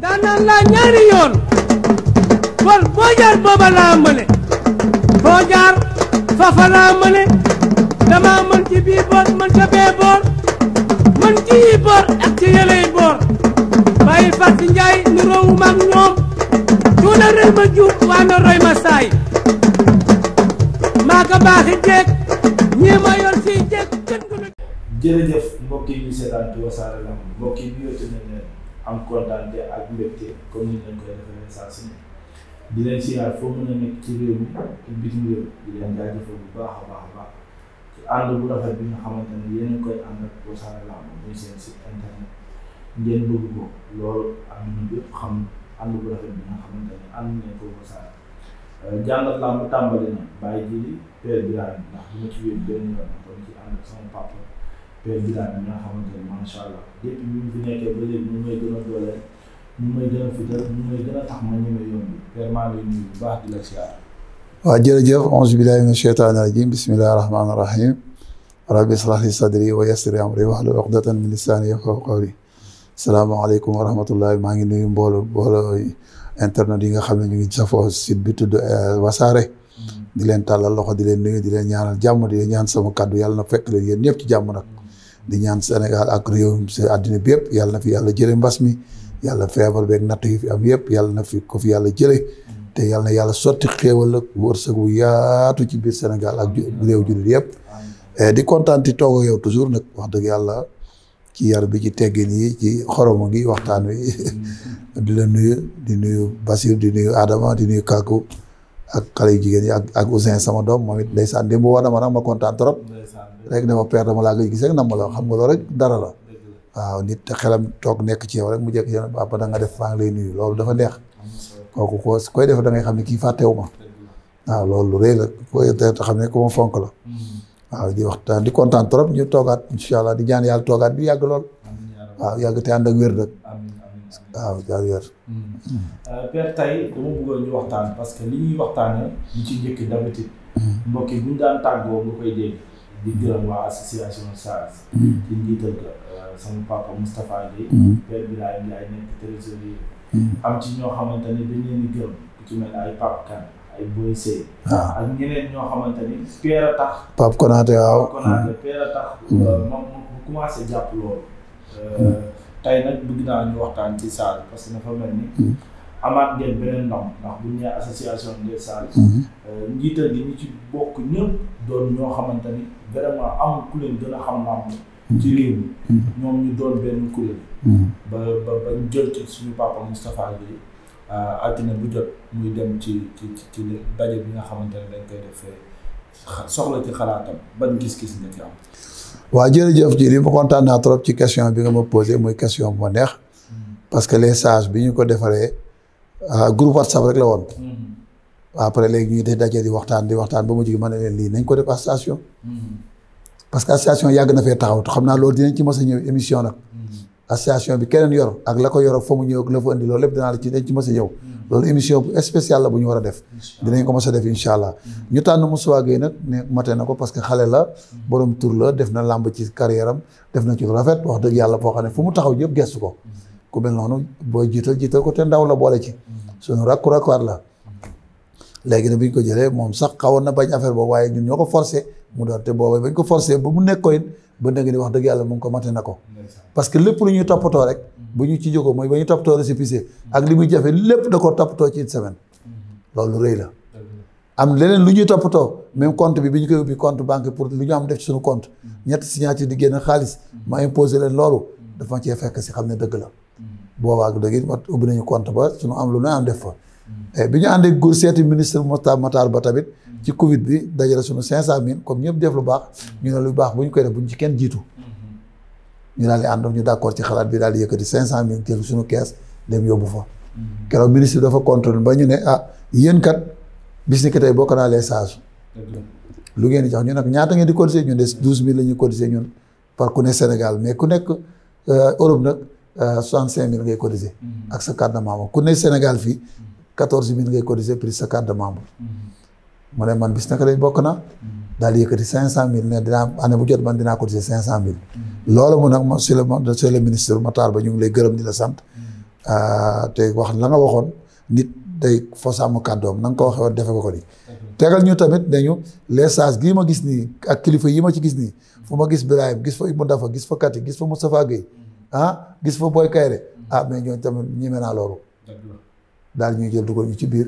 ndaanaan laa ñaari yoon kon boo jaar booba laa mëne foo jaar fafa laa mëne dama mën ci bii boor mën ca bee boor mën ci yi boor ak ci yëley boor bàyyi fàtt njaay nu roowu maag ñoom tuuna rëy ma juub waa na roy ma saay maa ko baaxi jeeg ñii ma yor siy jeeg gën gu jërëjëf mbokk yi ñu seetaan ci Wassare Lamb mbokk yi ñu yottu nañ leen am kontaan ak mbégte comme ni ñu koy defee saa su ne di leen siyaar foo mën a nekk ci réew mi ak bitim réew di leen jaajëfal bu baax a baax a baax ci ànd bu rafet bi nga xamante ne yéen a koy ànd ak Wassare Lamb muy seen site internet ngeen bëgg ko loolu am na ñëpp xam ànd bu rafet bi nga xamante ne ànd nañ ko Wassare euh, jàngat làmb tàmbali na bàyyi ji li père Birame ndax du ma ci wér benn yoon kon ci ànd ak sama papa. père Birame mi nga xamante ne macha bi mu fi nekkee ba léegi a doole ma ñëwee yoon bi père maa ngi lay nuyu bu baax di la siyaar. waaw rajim bismillahi rahmaani rahim rabbi israh li sadri wa maa ngi nuyu mboolo mbool internet yi nga xam ne ñu ngi sa safoo si bi tudd euh, wasaare mm-hmm. di leen tàllal loxo di leen nuyu di leen ñaanal jàmm di leen ñaan sama kàddu yàlla na fekk leen yéen ñëpp ci jàmm nag di ñaan Sénégal ak réewum si àddina bi yëpp yàlla na yàlla jële mbas mi yàlla feebar beeg natt yi fi am yëpp yàlla na fi ko fi yàlla jële te yàlla na yàlla sotti xéewal ak wërsëg bu yaatu ci biir Sénégal ak réew jullit yëpp eh, di kontaan di toog yow toujours nag wax dëgg yàlla ci yar bi ci teggin yi ci xoromo ngi waxtaan wi di la nuyu di nuyu Basir di nuyu Adama di nuyu ak xale yu jigéen yi ak ak Ousin sama doom moom it ndeysaan démb woon na ma nag ma kontaan trop rek dama père dama laa gëj gis rek namm la xam nga loolu rek dara la waaw nit xelam toog nekk ci yow rek mu jekk yow ba da nga def maa ngi lay nuyu loolu dafa neex kooku ko koy def da xam ne kii fàttewu ma waaw loolu lu rëy te xam ne ku ma la waaw di waxtaan di kontaan trop ñu toogaat incha allah di jaan yàlla toogaat bi yàgg lool waaw yàgg te ànd ak wér nag waaw jaar wér di gërëm waa association SARS. Mm-hmm. di njiital ko euh, sama papa Moustapha Guèye. Mm-hmm. père Birame Ndiaye nekk trésorier. Mm-hmm. am ci ñoo xamante ne dañ leen di gërëm ku ci mel ay Pape Kane ay Boy Sey. Ah. ak ñeneen ñoo xamante ni père a tax. Pape Konaté waaw Pape Konaté père a mu euh, commencé jàpp loolu. Euh, tey nag bëgg naa ñu waxtaan ci SARS parce que dafa mel ni. amaat ngeen beneen ndam ndax bu ñu association des SARS. njiital gi ñu ci bokk ñëpp doon ñoo xamante vraiment am ku leen gën a xam làmb mm. ci réew mi mm. ñoom ñu doon benn kuréel mm. ba ba ba jël ci suñu papa Moustapha bi altine bu jot muy dem ci ci daje bi nga xamante ne dañ koy defee soxla ci xalaatam ban gis-gis nga ci am waaw jërëjëf ji li ma kontaan naa trop ci question bi nga ma posé muy question bu ma neex parce que les sages bi ñu ko defaree euh, groupe WhatsApp rek la woon après léegi de daje di waxtaan di waxtaan ba mu jigi mën a leen lii nañ ko def association mm-hmm. parce que association yàgg na fee taxaw xam naa loolu dinañ ci mos a ñëw émission nag association mm-hmm. bi keneen yor ak la ko yor ak fa mu ñëw ak la fa indi loolu lépp dinaa la ci dañ ci mos ñëw mm-hmm. loolu émission bu spéciale la bu ñu war a def dinañ ko mos a def incha allah ñu tànn Moussa Gueye nag ne mate na ko parce que xale la borom tur la def na làmb ci carrière am def na ci rafet wax dëgg yàlla foo xam ne fu mu taxaw yëpp gestu ku mel noonu booy jiital jiital ko la boole ci suñu rakku rakkuwaat la léegi nag bi ñu ko jëlee moom sax xawoon na bañ affaire boobu waaye ñun ñoo ko forcé mu doon te boobu bañ ko forcé ba mu nekkoon it ba nag ni wax dëgg yàlla mu ngi ko mate na ko. parce que lépp lu ñuy toppatoo rek. bu ñu ci jógoo mooy ba ñu toppatoo récépissé ak li muy jafe lépp da ko toppatoo ci une semaine. Mm-hmm. loolu rëy la. am leneen lu ñuy toppatoo même compte bi bi ñu koy ubbi compte banque pour lu ñu am def ci suñu compte. Mm-hmm. ñetti signature di génn xaalis. ma mm-hmm. imposé leen loolu. dafa cee fekk si xam ne dëgg la. boobaa ak dëgg it ubbi nañu compte ba suñu am lu ñu def fa Eh, bi ñu ànd ak góor seeti ministre Moustapha Matar Ba tamit ci Covid bi dajale suñu cinq cent mille comme ñëpp def lu baax ñu ne lu baax bu ñu koy def bu ñu ci kenn jiitu ñu daal di ànd ñu d'accord ci xalaat bi daal di yëkkati cinq cent mille jël suñu kees dem yóbbu fa keroog ministre bi dafa contrôle ba ñu ne ah yéen kat bis ni que tey bokk naa les sages lu ngeen di jox ñu nag ñaata ngeen di cotiser ñun des douze mille la ñuy cotiser ñun par ku ne Sénégal mais ku nekk euh, Europe nag euh, soixante cinq mille ngay ak sa carte de ku ne Sénégal fii quatorze mille ngay cotiser plus sa carte mm-hmm. mu ne man bis naka lay bokk na. Mm-hmm. daal di yëkkati cinq cent mille ne dinaa année bu jot man dinaa cotiser cinq cent mille. Mm-hmm. loolu mu nag monsieur le monsieur le ministre Matar Ba ñu ngi lay gërëm di la sant. Ah, te wax la nga waxoon nit day fosaamu kàddoom na nga ko waxee woon defe ko ni tegal ñu tamit nañu les sages gii ma gis nii ak kilifa yi ma ci gis nii fu ma gis Birahim gis fa Ibou Dafa gis fa Kati gis fa Moustapha Gueye ah gis fa Boy Kayre ah mais ñooñu tamit ñeme naa loolu daal ñuy jël dugal ñu ci biir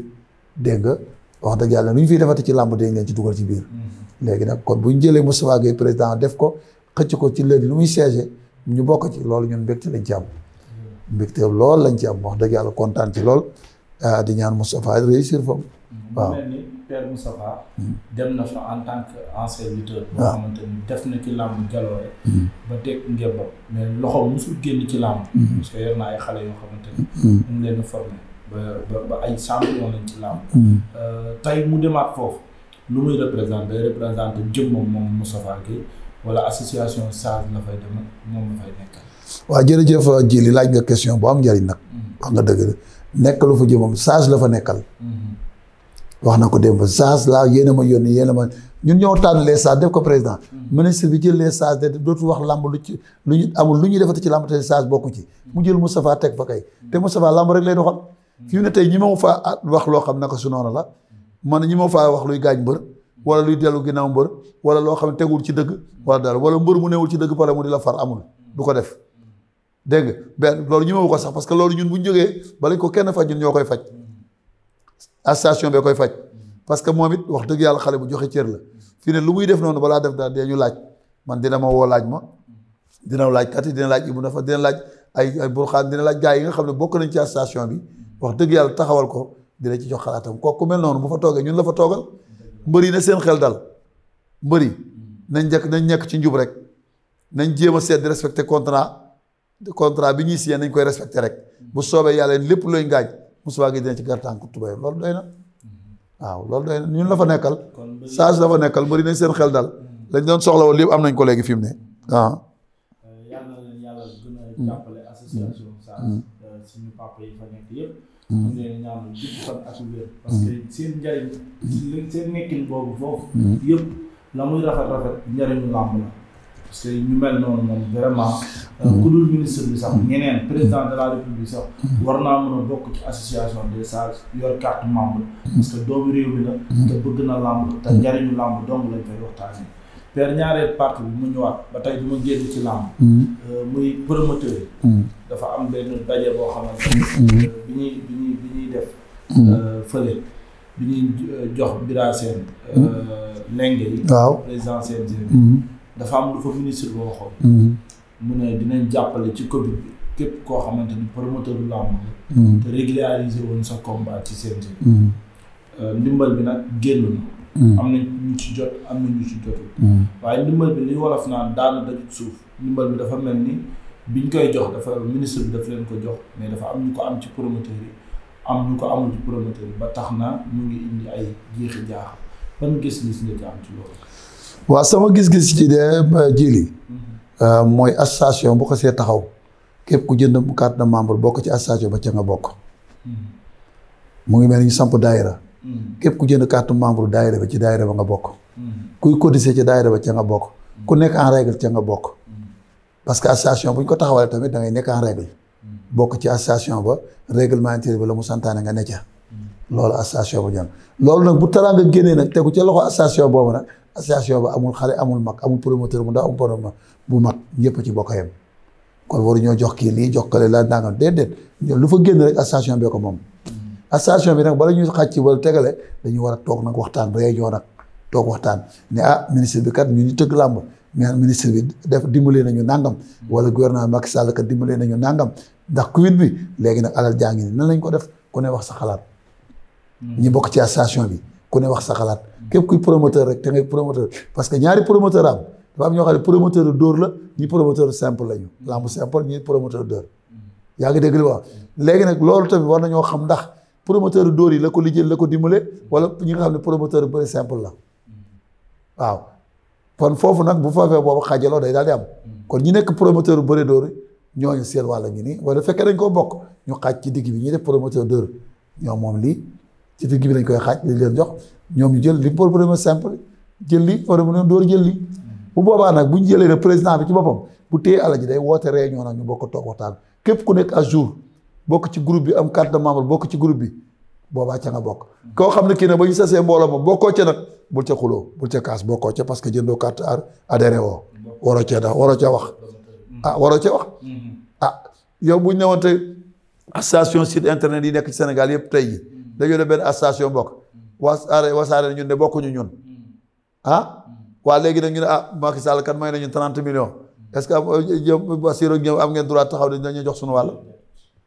dégg nga wax dëgg yàlla nu ñu fiy defati ci làmb dañ leen ci dugal ci biir. Mm-hmm. léegi nag kon bu ñu jëlee Moustapha Gueye président def ko xëcc ko ci léegi lu muy siège ñu bokk ci loolu ñun mbégte lañ ci am. Mm-hmm. lool lañ ci am wax dëgg yàlla kontaan ci lool ah, di ñaan Moustapha réussir foofu. Mm-hmm. waaw Père Moustapha dem fa génn ci làmb parce que na ay xale yoo xamante ni mu leen formé ba ba ay hmm. euh, mu demaat foofu lu muy représenté représenté jëmmam moom Moustapha Gueye wala association Sage la fay dem moom la fay nekkal. Euh, laaj nga question boo am njariñ nag. Hmm. wax nga dëgg nekkalu fa jëmmam Sage la fa nekkal. Hmm. wax na ko démb Sage laa yéen a ma yónni yéen a ma ñun ñëw tànn les Sages def ko président. ministre bi jël les Sages de dootul wax lamb lu ci lu ñu amul lu ñu defati ci lamb te Sage bokku ci. mu jël Moustapha teg fa kay. te Moustapha lamb rek lay doxal. fi mu ne tey ñi ma faa wax loo xam naka su noonu la man ñi ma faa wax luy gaañ mbër wala luy dellu ginnaaw mbër wala loo xam ne tegul ci dëgg wala daal wala mbër mu newul ci dëgg pare mu di la far amul du ko def dégg nga benn loolu ñi ma ko sax parce que loolu ñun bu ñu jógee balañ ko kenn faj ñun ñoo koy faj association bee koy faj parce que moom it wax dëgg yàlla xale bu joxe cër la fii ne lu muy def noonu balaa def daal dee ñu laaj man dina ma woo laaj ma dina laaj kati dina laaj Ibou Nafa dina laaj ay ay burxaan dina laaj gars yi nga xam ne bokk nañ ci association bi wax dëgg yàlla taxawal ko dina ci jox xalaatam kooku mel noonu bu fa toogee ñun la fa toogal mbër yi na seen xel dal mbër nañ njëkk nañ nekk ci njub rek nañ jéem a seet di respecté contrat contrat bi ñuy signé nañ koy respecté rek bu soobee yàlla lépp looy ngaaj Moustapha Gueye dina ci gartànku tubéyam loolu doy na waaw loolu doy na ñun la fa nekkal sage la fa nekkal mbër nañ seen xel dal lañ doon soxlaw woon lépp am nañ ko léegi fi mu ne ah ñu leen ñaanal gudd fan ak wér parce que mm. seen njariñ seen nekkin boobu foofu mm. yëpp la muy rafet rafet njariñu làmb la parce que ñu mel noonu moom vraiment euh, mm. ku dul ministre bi sax ñeneen président de la république sax war naa mën a bokk ci association des sages yor carte membre parce que doomu réew mi la te bëgg na làmb te njariñu làmb dong lañ fay waxtaanee per ñaareel partie bi mu ñëwaat ba tey du ma génn ci làmb euh, muy promoteur dafa am benn daje boo xamante euh, bi ñuy bi ñuy bi ñuy def. Hmm. Euh, fële bi ñuy euh, jox bira seen. Hmm. Euh, lenge yi. waaw président CNG. Hmm. dafa am lu fa ministre boo waxoon. mu ne dinañ jàppale ci Covid bi képp koo xamante ni promoteur du làmb la. te régulariser woon sa combat ci CNG. ndimbal bi nag génn na. am na ñu ci jot am na ñu ci jotul. waaye ndimbal bi li wolof naan daanu dajut suuf ndimbal bi dafa mel ni. biñ koy jox dafa ministre bi daf leen ko jox mais dafa am ñu ko am ci promoteur yi am ñu ko amul ci promoteur yi ba tax na mu ngi indi ay jeexi jaaxal ban gis-gis nga ci am gis-gis ci de jili mhm. euh, mooy association bu ko see taxaw képp ku jënd carte de membre bokk ci association ba ca nga bokk. Mhm. mu ngi mel ni samp daayira. Mhm. képp ku jënd carte membre daayira ba ci daayira ba nga bokk. kuy cotiser ci daayira ba ca nga bokk. ku nekk en règle ca nga bokk. parce que association bu ñu ko taxawalee tamit da ngay nekk en mm. bokk ci association ba règlement intérieur bi la mu santaane nga ne ca mm. loolu association bu ñoom loolu nag bu taraa nga génnee nag tegu ca loxo association boobu nag association ba amul xale amul mag amul promoteur bu ndaw amul promoteur bu mag ñëpp ci bokk yem kon waru ñoo jox kii lii jox kale laa nangam déedéet ñoom lu fa génn rek association bee ko moom mm. association bi nag bala ñuy xàcc wal tegale dañu war a toog nag waxtaan réunion nag toog waxtaan ne ah ministre bi kat ñu ñu ñaan ministre bi def dimbalee nañu nàngam wala gouvernement Macky Sall kat dimbalee nañu nangam ndax Covid bi léegi nag alal jaa ngi nii nan lañ ko def ku ne wax sa xalaat. Hmm. ñi bokk ci association bi ku ne wax sa xalaat. képp kuy promoteur rek te ngay promoteur parce que ñaari promoteur am dafa am ñoo xam ne promoteur dóor la ñi promoteur simple lañu. lamb simple ñi promoteur dóor. yaa ngi dégg li wax léegi nag loolu tamit war nañoo xam ndax promoteur dóor yi la ko lijjël la ko dimbale wala ñi nga xam ne bëri simple la kon foofu nag bu foofee boobu xaajaloo day daal di am hmm. kon ñi nekk promoteur bëri dóor ñooñu seen wàll ngi nii wala fekkee dañ koo bokk ñu xaaj ci digg bi ñuy def promoteur dóor ñoom moom lii ci digg bi lañ koy xaaj li leen jox ñoom ñu jël li pour premier simple jël li promoteur dóor jël li hmm. bu boobaa nag bu ñu jëlee ne président bi ci boppam bu téye alal ji day woote réunion nag ñu bokk toog waxtaan képp ku nekk ak jour bokk ci group bi am carte membre bokk ci groupe bi boobaa ca nga bokk koo xam ne kii ne ba ñu sasee mbooloo ma bokkoo ca nag bul ca xuloo bul ca kaas bokkoo ca parce que jëndoo carte adhéré woo waroo cee dax waroo ca wax ah waroo ca wax ah yow buñ ne woon tey station site internet yi nekk ci Sénégal yëpp tey ji dañoo def benn station bokk wasaare wasaare ñun de bokkuñu ñun ah waa léegi nag ñu ne ah Macky Sall kan may nañu trente millions est-ce que am Bassirou ñëw am ngeen droit taxaw dañ dañuy jox suñu wàll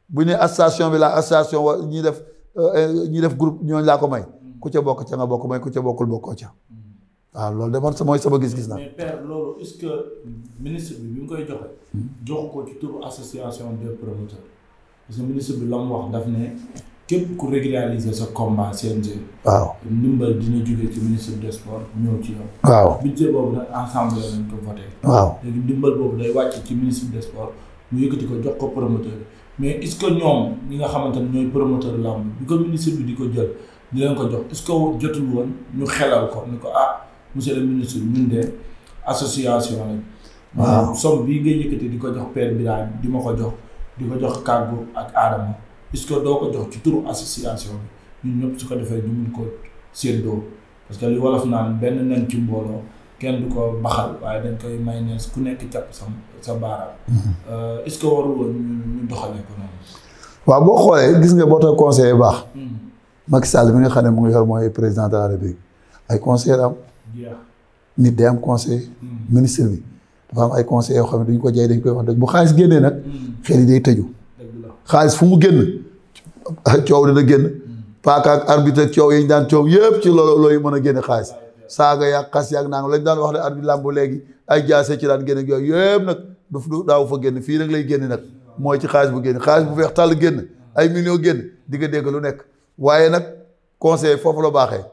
bu ñu ne station bi la station wa ñuy def Euh, euh, ñu def groupe ñooñu laa ko may ku ca bokk ca nga bokk may ku ca bokkul bokkoo ca mm. waaw loolu de man mooy sama gis-gis na mais père loolu est que ministre bi bi mu ko ci turu association ministre bi la mu wax daf ne képp ku régulariser sa combat CNG. waaw ndimbal dina jóge ci ministre des sports ñëw ci yow. waaw budget boobu nag ensemble lañ léegi ndimbal boobu day wàcc ci ministre des sports mu yëkkati ko jox ko promoteur mais est-ce que ñoom ñi nga xamante ne ñooy promoteur làmb bi ko ministre bi di ko jël di leen ko jox est-ce que jotul woon ñu xelal ko ni ko ah monsieur le ministre ñun de association lañ. sob bii ngay yëkkati di ko jox père Birahim di ma ko jox di ko jox kàggu ak aadama est-ce doo ko jox ci turu association bi ñun ñëpp su ko defee ni mun ko séddoo parce que li wolof naan benn nen ci mbooloo. kenn du ko baxal waaye dañ koy may ne ku nekk jàpp sa sa baaraam. Mm-hmm. Euh, boo xoolee gis nga boo tax conseil yu baax. Mm-hmm. Macky Sall mi nga xam ne mu ngi yor mooy président de ay conseillers am. nit day am mm-hmm. bi dafa ay conseil yoo xam ne duñ ko jaay dañ koy wax dëgg bu xaalis génnee nag. xel yi day tëju. xaalis fu mu génn. coow dina génn. paaka ak arbitre coow yi ñu daan coow yëpp ci loolu looy mën a génne xaalis. saaga yaag xas yaag naanga lañ daan wax ne arbitre làmb léegi ay jaase ci daan génn ak yooyu yëpp nag du du daaw fa génn fii nag lay génn nag mooy ci xaalis bu génn xaalis bu weex tàll génn ay millions génn di nga dégg lu nekk waaye nag conseil foofu la baaxee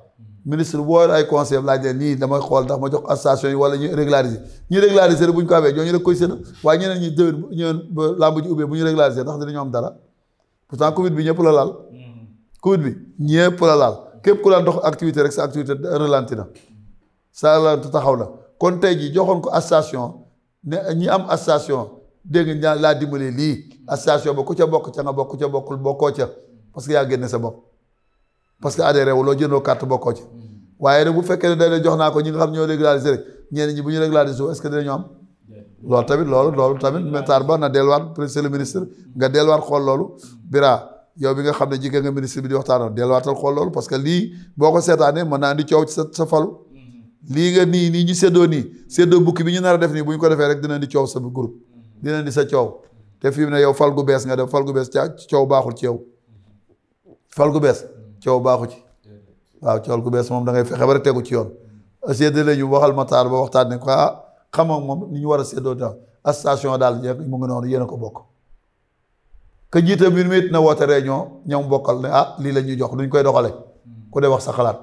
ministre boo ay conseil laaj leen nii damay xool ndax ma jox association yi wala ñu régulariser ñi régulariser bu ñu ko amee ñooñu rek koy seen waaye ñeneen ñi déwén ñëwen ba làmb ji ubbee bu ñu régulariser ndax dinañu am dara pourtant covid bi ñëpp la laal mm-hmm. covid bi ñëpp la laal képp ku daan dox activité rek sa activité ralenti na sa ralenti taxaw la kon tey jii joxoon ko association ne ñi am association dégg nga ñaa laa dimbale lii association ba ku ca bokk ca nga bokk ca bokkul bokkoo ca parce que yaa génne sa bopp parce que adhéré wu loo jëndoo carte bokkoo ca waaye rek bu fekkee ne dañ jox naa ko ñi nga xam ñoo régulariser rek ñenn ñi bu ñu régulariser est-ce que dinañu am loolu tamit loolu loolu tamit métaar ba na delluwaat monsieur le ministre nga delluwaat xool loolu bira yow bi nga xam ne jigéen nga ministre bi di waxtaanoon delluwaatal xool loolu parce que lii boo ko seetaanee mën naa di coow ci sa sa falu mm-hmm. lii nga nii nii ñu séddoo nii séddoo bukki bi ñu nar a def nii bu ñu ko defee rek dina di coow sa groupe mm-hmm. dina di sa coow te fi mu ne yow fal gu bees nga def fal gu bees ca coow baaxul ci yow mm-hmm. fal gu bees coow baaxu ci waaw coow gu bees moom da ngay fexe ba rek tegu ci yoon séddale lañu waxal ma Matar ba waxtaan ne ko ah xam nga moom ni ñu war a séddoo daal station daal mu ngi noonu yéen a ko bokk que jiite mbir mi it na woote réunion ñoom bokkal ne ah lii la ñuy jox duñ koy doxale ku dee wax sa xalaat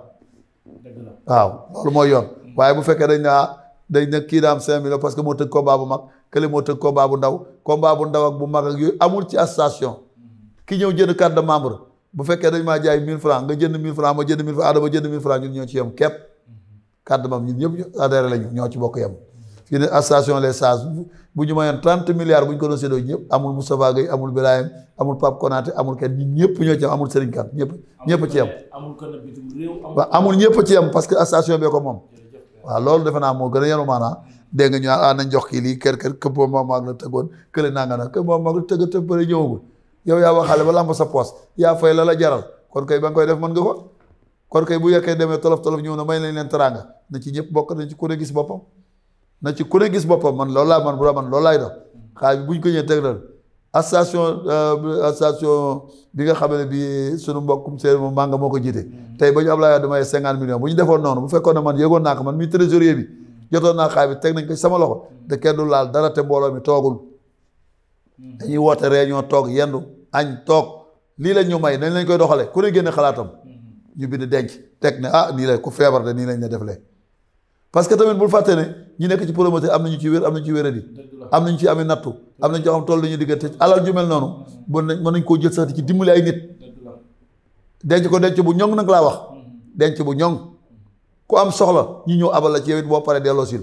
waaw loolu mooy yoon waaye bu fekkee dañ ne ah dañ ne kii daam cinq millions parce que moo tëgg combat bu mag kële moo tëgg combat bu ndaw combat bu ndaw ak bu mag ak yooyu amul ci association ki ñëw jënd carte membre bu fekkee dañ maa jaay mille francs nga jënd mille francs ma jënd mille francs Adama jënd mille francs ñun ñoo ci yem képp carte de ñëpp adhéré lañu ñoo ci bokk yem ci association les sages bu ñu mayoon trente milliards bu ñu ko doon séddoo ñëpp amul Moustapha Gueye amul Birahim amul Pape Konaté amul kenn ñi ñëpp ñoo ci amul Serigne Kane ñëpp ñëpp ci am waaw amul ñëpp ci am parce que association bee ko moom waaw loolu defe naa moo gën a yenu maanaa dégg nga ñu ah nañ jox kii lii kër kër kër boobu la tëggoon kële naa nga nag kër moom maag la tëgg te bëri ñëwagul yow yaa waxaale ba lamb sa poos yaa fay la la jaral kon koy ba nga koy def mën nga ko kon koy bu yekkee demee tolof tolof na may lañ leen na ci ñëpp bokk nañ ci ku gis boppam na ci ku ne gis boppam man loolu laa man bu man loolu laay dox xaalis buñ ko ñëwee teg na association euh, association bi nga xam ne bii sunu mbokkum séeréer moom mànga moo ko jiite. tey ba ñu Ablaye Wade may cinquante millions bu ñu defoon noonu bu fekkoon ne man yëgoon naa ko man mi trésorier bi jotoon naa xaalis bi teg nañ ko sama loxo te kenn du laal dara te mbooloo mi toogul. dañuy woote réunion toog yendu añ toog lii lañ ñu may dañ lañ koy doxalee ku ne xalaatam. Mm-hmm. ñu bind denc teg ne ah nii lay feebar de nii lañ la deflee. parce que tamit bul fàtte ne ñi nekk ci promoteur am nañu ci wér am nañu ci wéradi am nañu ci amee nattu am nañu ci xam toll nañu diggante alal ju mel noonu bon nañ mën nañ koo jël sax di ci dimbali ay nit denc ko denc bu ñoŋ nag laa wax denc bu ñoŋ ku am soxla ñu ñëw abal la ci yow it boo paree delloo sil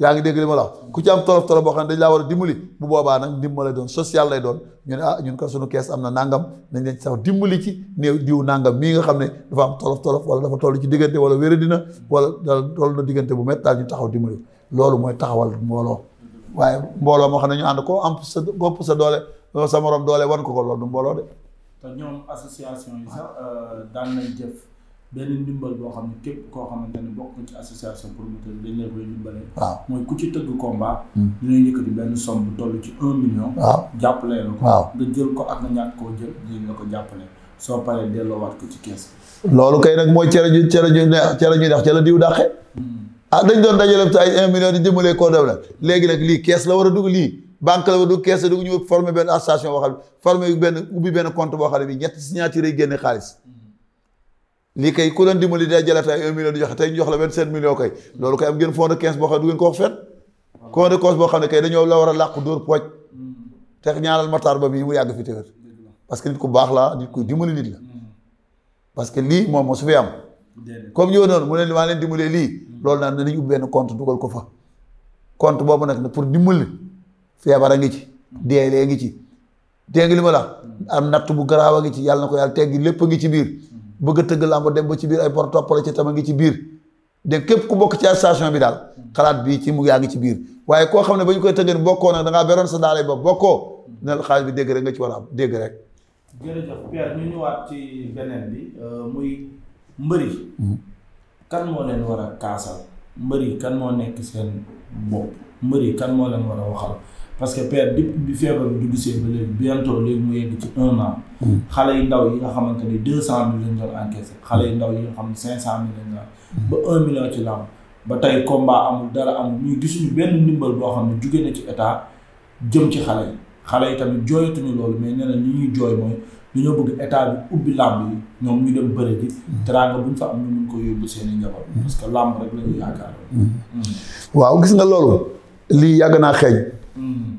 yaa ngi dégg li ma la ku ci am tolof tolof boo xam ne dañ laa war a dimbali bu boobaa nag ma lay doon social lay doon ñu ne ah ñun ko suñu kees am na nangam nañ leen sax dimbali ci néew diw nangam mii nga xam ne dafa am tolof wala dafa toll ci diggante wala wéradi na wala dal toll na diggante bu métti daal ñu taxaw dimbali loolu mooy taxawal mbooloo waaye mbooloo moo xam ne ñu ànd ko am sa gopp sa doole sa morom doole wan ko ko loolu du mbooloo de. association yi sax euh, jëf. benn ndimbal boo xam ne képp koo xamante ne bokk na ci association promoteur dañ waaw mooy ku ci tëgg combat. Hmm. dina yëkkati benn somme bu ci un million. waaw jàppalee la ko. waaw nga jël ko ak nga ñàkk koo jël dinañ la ko jàppale soo paree delloowaat ko ci kees loolu kay mooy cere ju cere ju neex cere ju neex cere diw dàqe. Hmm. ah dañ doon dajale ay un million di dimbalee koo dem la léegi nag lii kees la war a dugg lii. banque la du kees la dugg ñu formé benn association boo xam ne benn ubbi benn compte boo xam ne bi ñett signature yi génne xaalis. lii kay ku leen dimbali day jëlaat ay 1 million di joxe tey ñu jox la 27 millions kay loolu kay am ngeen fond de boo xam ne du ngeen ko wax fenn. fond de 15 boo xam ne kay dañoo la war a làqu dóor pooj hmm. te ñaanal Matar Ba bii mu yàgg fi téwér parce que nit ku baax la nit ku dimbali nit la hmm. parce que lii moom moo su fi am comme ñëw noonu mu ne maa leen dimbalee lii hmm. loolu naan nañu ubbi benn compte dugal ko fa compte boobu nag pour dimbali feebar a ngi ci deelee ngi ci dégg li ma la am natt bu garaaw ngi ci yàlla na ko yàlla teggi lépp a ngi ci biir bëgg tëgg tëgg làmb dem ba ci biir ay bor toppale tam a ngi ci biir dégg képp ku bokk ci association bi daal xalaat bi ci mu yaa ngi ci biir waaye koo xam ne ba ñu koy tëggeen bokkoo nag da ngaa beroon sa daara ba bokkoo dina xaalis bi dégg rek nga ci war a am dégg rek jërëjëf Pierre ñu ñëwaat ci beneen bi euh, muy mbëri hmm. kan moo leen war a kaasal mbëri kan moo nekk seen bopp mbëri kan moo leen war a waxal parce que père depuis bi feebar bi dugg see ba léegi bientôt léegi mu yegg ci un an. Hmm. xale yu ndaw yi nga xamante ni deux cent mille lañ doon yu ndaw yi nga xam ne cinq cent mille lañ doon. ba ci lamb ba tey combat amul dara amul ñuy gisuñu benn ndimbal boo xam ne jugee na ci état jëm ci xale yi xale yi tamit jooyatuñu loolu mais nee na li ñuy jooy mooy dañoo bëgg état bi ubbi làmb yi ñoom ñu dem bëri ji. Hmm. teraanga bu ñu fa am ñu mun ko yóbbu seen i hmm. parce que làmb rek la yaakaar. waaw yàgg naa xeeñ. Mm-hmm.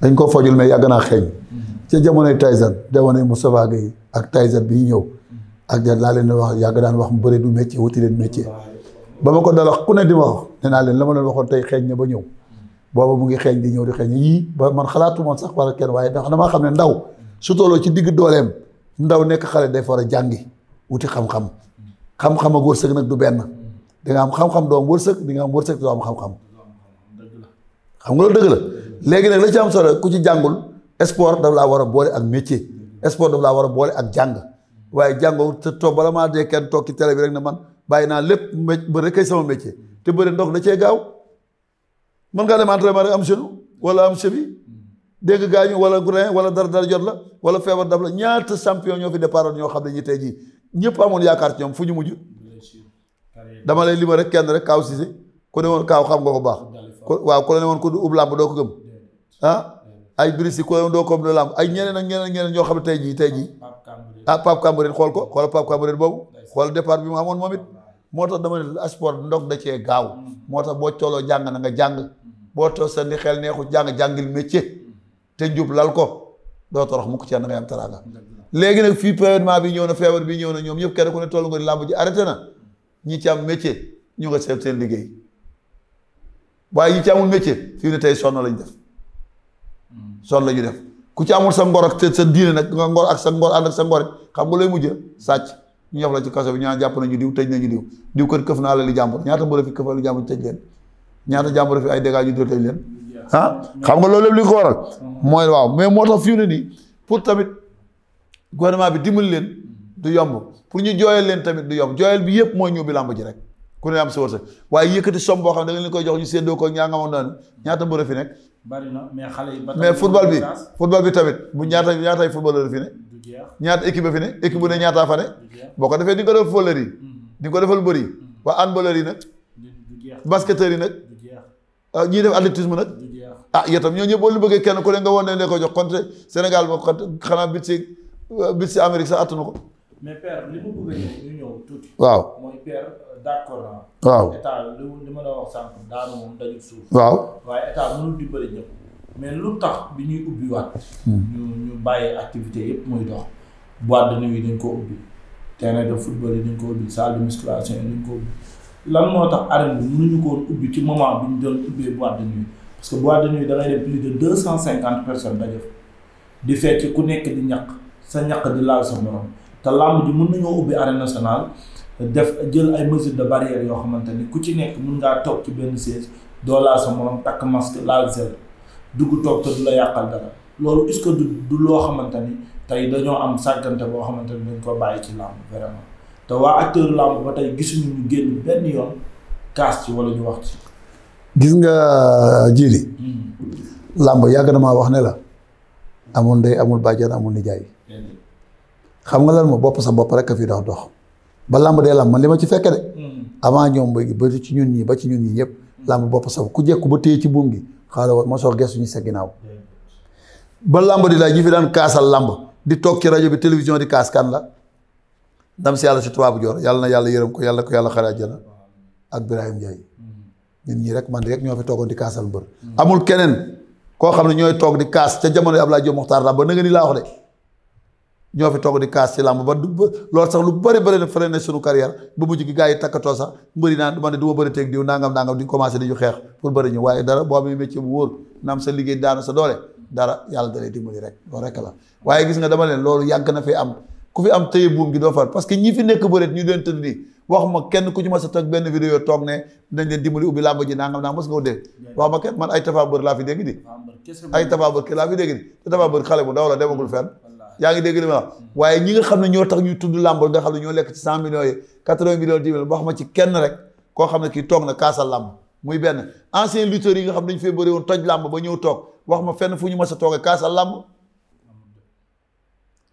dañ ko fajul mais yàgg naa xeeñ mm-hmm. ca jamonoy Tyson jamonoy Moustapha Gueye ak Tyson bi ñëw mm-hmm. ak da laa leen wax yàgg daan wax mu bëri du métier wuti leen métier ba ma ko dala ku ne di ma wax naa leen la ma leen waxoon tey xeeñ na ba ñëw booba mu ngi xeeñ di ñëw di xeeñ yii ba man xalaatu moon sax wala kenn waaye ndax damaa xam ne ndaw su tolloo ci digg dooleem ndaw nekk xale day far a jàngi wuti xam-xam xam-xam ak wërsëg nag du benn di am xam-xam doo wërsëg di nga am wërsëg doo am xam-xam xam nga loolu dëgg la léegi nag la ci am solo ku ci jàngul sport daf laa war a boole ak métier sport daf laa war a boole ak jàng waaye jàngoo te toog bala maa dee kenn toog ci télé rek ne man bàyyi naa lépp mé bëri kay sama bëri ndox da cee gaaw mën nga dem entraînement rek am genou wala am cheville dégg nga gaañu wala grain wala dara dara jot la wala feebar daf la ñaata champion ñoo fi départ ñoo xam ne ñi tey jii ñëpp amoon yaakaar ci ñoom fu ñu mujj dama lay limal rek kenn rek kaaw si ku ne woon kaaw xam nga ko baax waaw ku la ne woon ko du ub làmb doo ko gëm ah ay birisi ku la doo ko ub làmb ay ñeneen ak ñeneen ñeneen ñoo xam ne tey jii tey jii ah Pape Cambérène xool ko xoolal Pape Cambérène boobu xool depart bi mu amoon moom it moo tax dama ne sport ndog da cee gaaw mm. moo tax boo cooloo jàng na nga jàng mm. boo too sa ni xel neexu jàng jàngil métier mm. te njub lal ko doo torox mukk ci na ngay am taraanga léegi nag fii périodement bi ñëw na feebar bi ñëw na ñoom ñëpp kenn ku ne toll nga di na ñi ci am métier ñu nga seet seen liggéey waaye ñi ci amul métier fii ne tey sonn lañ def sonn la ñu def ku ci amul sa ngor ak sa diine nag nga ngor ak sa ngor ànd ak sa ngor xam nga lay mujj sàcc ñu ñof la ci kaso bi ñaan jàpp nañu diw tëj nañu diw diw kër këf naa la li jàmbur ñaata mbër fi këf la li jàmbur ñu tëj leen ñaata jàmbur fi ay dégâts ñu dóor tëj leen ah xam nga loolu lépp li ko waral mooy waaw mais moo tax fii ne nii pour tamit gouvernement bi dimbali leen du yomb pour ñu jooyal leen tamit du yomb jooyal bi yëpp mooy ñëw bi làmb ji rek ku ne am sa wërsëg waaye yëkkati somme boo xam ne da ngeen koy jox ñu séddoo ko ñaa nga moom noonu ñaata mbër a fi nekk. bari na mais football bi football bi tamit bu ñaata ñaataay footballeur fi ne. ñaata équipe fi ne équipe bu ne ñaataa fa ne. boo ko defee di ko def footballeur yi. Mm-hmm. di ko defal mm-hmm. lu ah, ah, bëggee kenn ku ne nga woon ne ne jox contre Sénégal boo xanaa bit si bit si Amérique sax attanu ko. a waaw d'accord waaw état li ma la wax sànq daanu moom dajul suuf. waaw waaye état mënul dimbali ñëpp. mais lu tax bi ñuy ubbiwaat. Hmm. ñu ñu bàyyee activité yëpp muy dox. bois de nuit yi dañ ko ubbi. terrain de football yi dañ ko ubbi lan moo tax arène bi mënuñu ko ubbi ci moment bi ñu doon ubbee boîte de nuit parce que boîte de nuit da plus de deux cent cinquante personnes daje fa. di fekk ku nekk di ñaq sa ñaq di laal sa morom te làmb ji mën nañoo ubbi arène national def jël ay mesures de barrière yoo xamante ni ku ci nekk mun ngaa toog ci benn siège doo laal sa morom takk masque laal zel dugg toog te du la yàqal dara loolu est-ce du loo xamante ni tey dañoo am sàggante boo xamante ni dañ ko bàyyi ci làmb vraiment te waa acteur làmb ba tey gisuñu ñu génn benn yoon kaas ci wala ñu wax ci. gis nga euh, jili hmm. làmb yàgg na maa wax ne la. amul ndey amul bàjjan amul nijaay. xam nga lan ma bopp sa bopp rek a fi dox dox. ba làmb dee làmb man li ma ci fekke de hmm. avant ñoom ba ba ci ñun ñii ba ci ñun ñi ñëpp làmb bopp sabu ku jekku ba téye ci buum gi xaaral ma soog gestu ñu sa ginnaaw ba làmb di la ñi fi daan kaasal làmb di toog ci rajo bi télévision di kaas kan la ndam si yàlla si tubaabu joor yàlla na yàlla yërëm ko yàlla ko yàlla xare na ak Birahim Ndiaye hmm. ñun ñii rek man rek ñoo fi toogoon di kaasal mbër hmm. amul keneen koo xam ne ñooy toog di kaas ca jamono Abdoulaye Diop Mokhtar ba na nga ni laa wax de ñoo fi toog di kaas ci làmb ba du loolu sax lu bëri bëri na freiné sunu carrière ba mujj gi gars yi takkatoo sax mbëri naan man ne du ma bëri teeg diw nangam nangam di commencé di ñu xeex pour bëri ñu waaye dara boo amee métier bu wóor na sa liggéey daanu sa doole dara yàlla da dimbali rek loolu rek la waaye gis nga dama leen loolu yàgg na fi am ku fi am tëye buum gi doo far parce que ñi fi nekk bëreet ñu doon tëdd nii wax ma kenn ku ci ma sa benn vidéo toog ne dañ leen dimbali ubbi làmb ji nangam naa mos xale bu ndaw la demagul fenn yaa ngi dégg li ma waaye ñi nga xam ne ñoo tax ñu tudd làmb nga xam ne ñoo lekk ci cent millions yi quatre-vingts millions dix wax ma ci kenn rek koo xam ne kii toog na kaasa làmb muy benn ancien lutteurs yi nga xam ne dañu fee bëri woon toj làmb ba ñëw toog wax ma fenn fu ñu mas a toogee kaasa làmb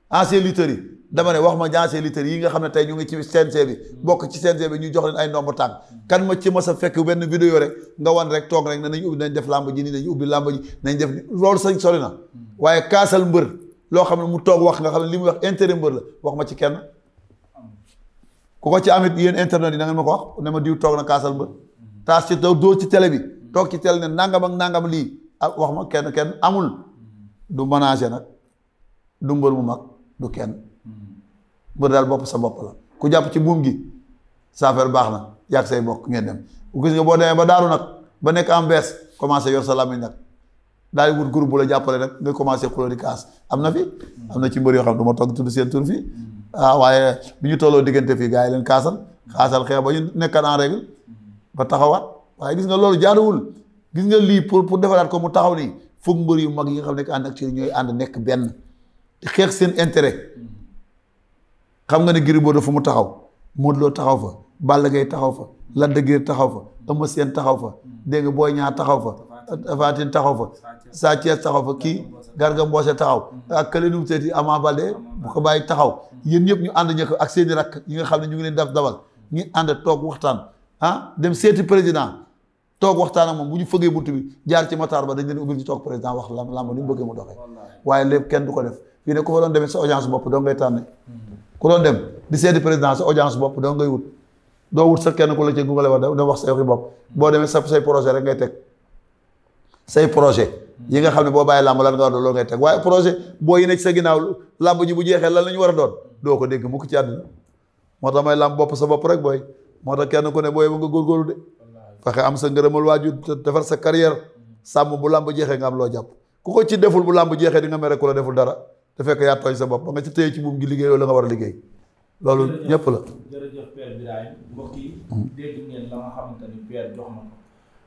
ancien yi dama ne wax ma ancien lutteurs yi nga xam ne tey ñu ngi ci CNG bi bokk ci CNG bi ñu jox leen ay ndomb tànk kan ma ci mas a fekk benn vidéo rek nga wan rek toog rek ne nañ ubbi nañ def làmb ji nii nañ ubbi làmb ji nañ def loolu sañ sori na waaye kaasal mbër loo xam ne mu toog wax nga xam ne li mu wax intere mbër la wax ma ci kenn ku ko ci amit yéen internet yi na ngeen ma ko wax ne ma diw toog na kaasal mbër taas ci toog dóor ci télé bi toog ci télé ne nangam ak nangam lii ah wax ma kenn kenn amul du ménager nag du mbër mu mag du kenn mbër daal bopp sa bopp la ku jàpp ci buum gi sa baax na yàgg say bokk ngeen dem gis nga boo demee ba daaru nag ba nekk am bees commencé yor sa làmmiñ nag daal di wut groupe bu la jàppale rek nga commencé xuloo di kaas am na fi. am na ci mbër yoo xam ne du ma toog tudd seen tur fii. ah waaye bi ñu tolloo diggante fii gaa yi leen kaasal. kaasal xeex ba ñu nekkan en règle. ba taxawaat waaye gis nga loolu jaaduwul gis nga lii pour pour defaraat ko mu taxaw nii foog mbër yu mag yi nga xam ne ànd ak ci ñooy ànd nekk benn xeex seen intérêt. xam nga ne Gris Bordeaux fu mu taxaw Modou loo taxaw fa Balla Gaye taxaw fa Lac de taxaw fa Eumeu Sène taxaw fa dégg nga Boy Niang taxaw fa Tapha Tine taxaw fa Sa Thiès taxaw fa kii Garga Mbossé taxaw ak kële nu mu seeti Ama Baldé bu ko bàyyi taxaw yéen ñëpp ñu ànd ñëkk ak seeni rakk ñi nga xam ne ñu ngi leen daf dabal ñu ànd toog waxtaan ah dem seeti président toog waxtaan ak moom bu ñu fëggee bunt bi jaar ci Matar ba dañ leen ubbil ci toog président wax lam lam ni mu bëggee mu doxee waaye lépp kenn du ko def fii ne ku fa doon demee sa audience bopp doo ngay tànne ku doon dem di seeti président sa audience bopp doo ngay wut doo wut sa kenn ku wax da wax sa demee sa projet rek ngay teg say projet yi nga xam ne boo bàyyi làmb lan nga war a doon loolu ngay teg waaye projet boo yi ne ci sa ginnaaw làmb ji bu jeexee lan la ñu war a doon doo ko dégg mukk ci àdduna moo tax may làmb bopp sa bopp rek booy moo tax kenn ku ne booy ba nga góorgóorlu de fexe am sa ngërëmal waajur defar sa carrière sàmm bu làmb jeexee nga am loo jàpp ku ko ci deful bu làmb jeexee di nga mere ku la deful dara te fekk yaa tooñ sa bopp ba nga ci téye ci buum gi liggéey la nga a liggéey loolu ñëpp la jërëjëf Père Birahim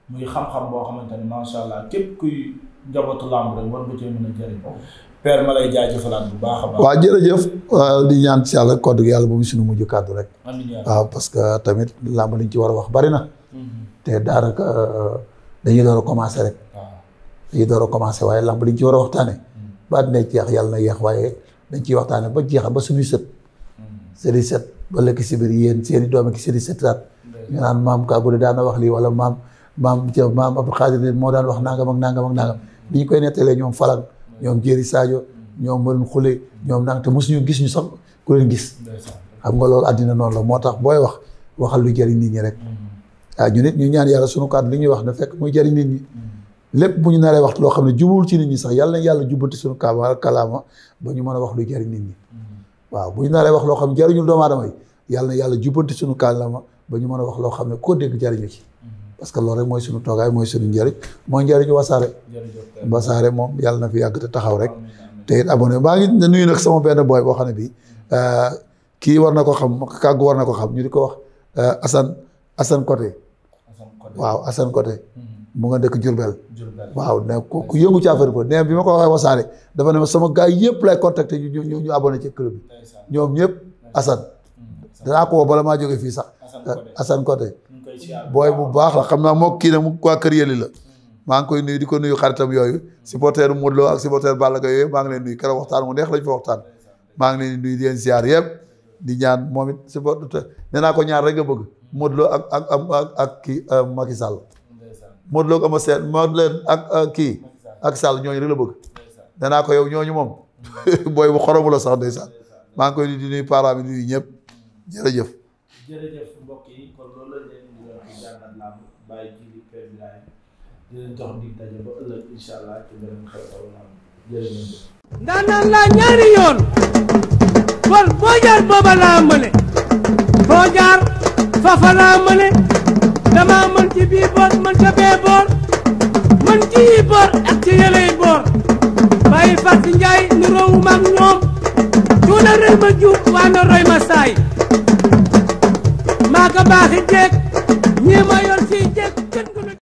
muy xam-xam boo xamante ne macha allah képp kuy njabootu làmb rek war a jëriñoo. père ma lay jaajëfalaat bu baax a baax. waaw jërëjëf di ñaan ci yàlla kàddu yàlla bu mu suñu mujj kàddu rek. waaw parce que tamit làmb liñ ci war a wax bari na. Mm-hmm. te daanaka euh, dañuy door a commencé rek. dañuy door a commencé waaye làmb liñ ci war a waxtaane mm-hmm. ba dina jeex yàlla na yeex waaye dañ ciy waxtaanee ba jeexal ba suñuy sët. Mm-hmm. seen sët ba lekk si biir yéen seen i doom ak seen i sëtaat. ñu naan maam Kagure daan na wax lii wala maam. maam Thiaw maam Abdou Khadir moo daan wax nangam ak nangam ak nangam bi ñu koy nettalee ñoom Falang ñoom Jéeri saajo ñoom Maroon Xule ñoom nang te mosuñu gis ñu sax ku leen gis. xam nga loolu àddina noonu la moo tax booy wax waxal lu jëriñ nit ñi rek. ah ñu ñu ñaan yàlla sunu kàddu li ñuy wax na fekk muy jëriñ nit ñi. lépp bu ñu naree wax loo xam ne jubul ci nit ñi sax yàlla na yàlla jubbanti sunu kàddu wala kalaama ba ñu mën a wax lu jëriñ nit ñi. waaw bu ñu naree wax loo xam ne jëriñul doomu aadama yi yàlla na yàlla jubbanti sunu ma ba ñu mën a wax loo xam ne koo dégg jëriñu ci parce que loolu rek mooy suñu toogaay mooy suñu njëriñ mooy njëriñu wasaare wasaare moom yàlla na fi yàgg te taxaw rek te it abonné maa ngi nuyu nag sama benn booy boo xam ne bii mm-hmm. euh, kii war na ko xam kàggu war na ko xam ñu di ko wax euh, Assane Assane Côté waaw Assane Côté mm-hmm. mu nga dëkk Diourbel waaw ne ku yëngu ci affaire ko ne bi ma ko waxee wasaare dafa ne ma sama gars yëpp lay contacté ñu ñu ñu abonné ci club bi ñoom ñëpp Assane mm-hmm. danaa ko woo bala maa jóge fii sax Assane Côté booy bu baax la xam naa moo kii ne mu waa kër yëli la maa ngi koy nuyu di ko nuyu xaritam yooyu supporter Modou Lo ak supporter Balla Gaye yooyu maa ngi leen nuyu keroog waxtaan mu neex lañ fa waxtaan maa ngi leen nuyu di leen ziar yëpp di ñaan moom it supporter nee naa ko ñaar rek bëgg Modou ak ak ak ak kii euh, Macky Sall Modou Lo ak Ama Sène Modou ak euh, kii ak Sall ñooñu rek la bëgg nee ko yow ñooñu moom booy bu xoromu la sax ndeysaan maa ngi koy nuyu di nuyu parents ci laa ñaari yoon kon boo foo jaar fafa laa mëne dama mën ci mën ca mën ci yi boor ak ci yëley nu roowu maag ñoom tuuna rëy ma waa na roy maa ko baaxi jéeg ñii si jéeg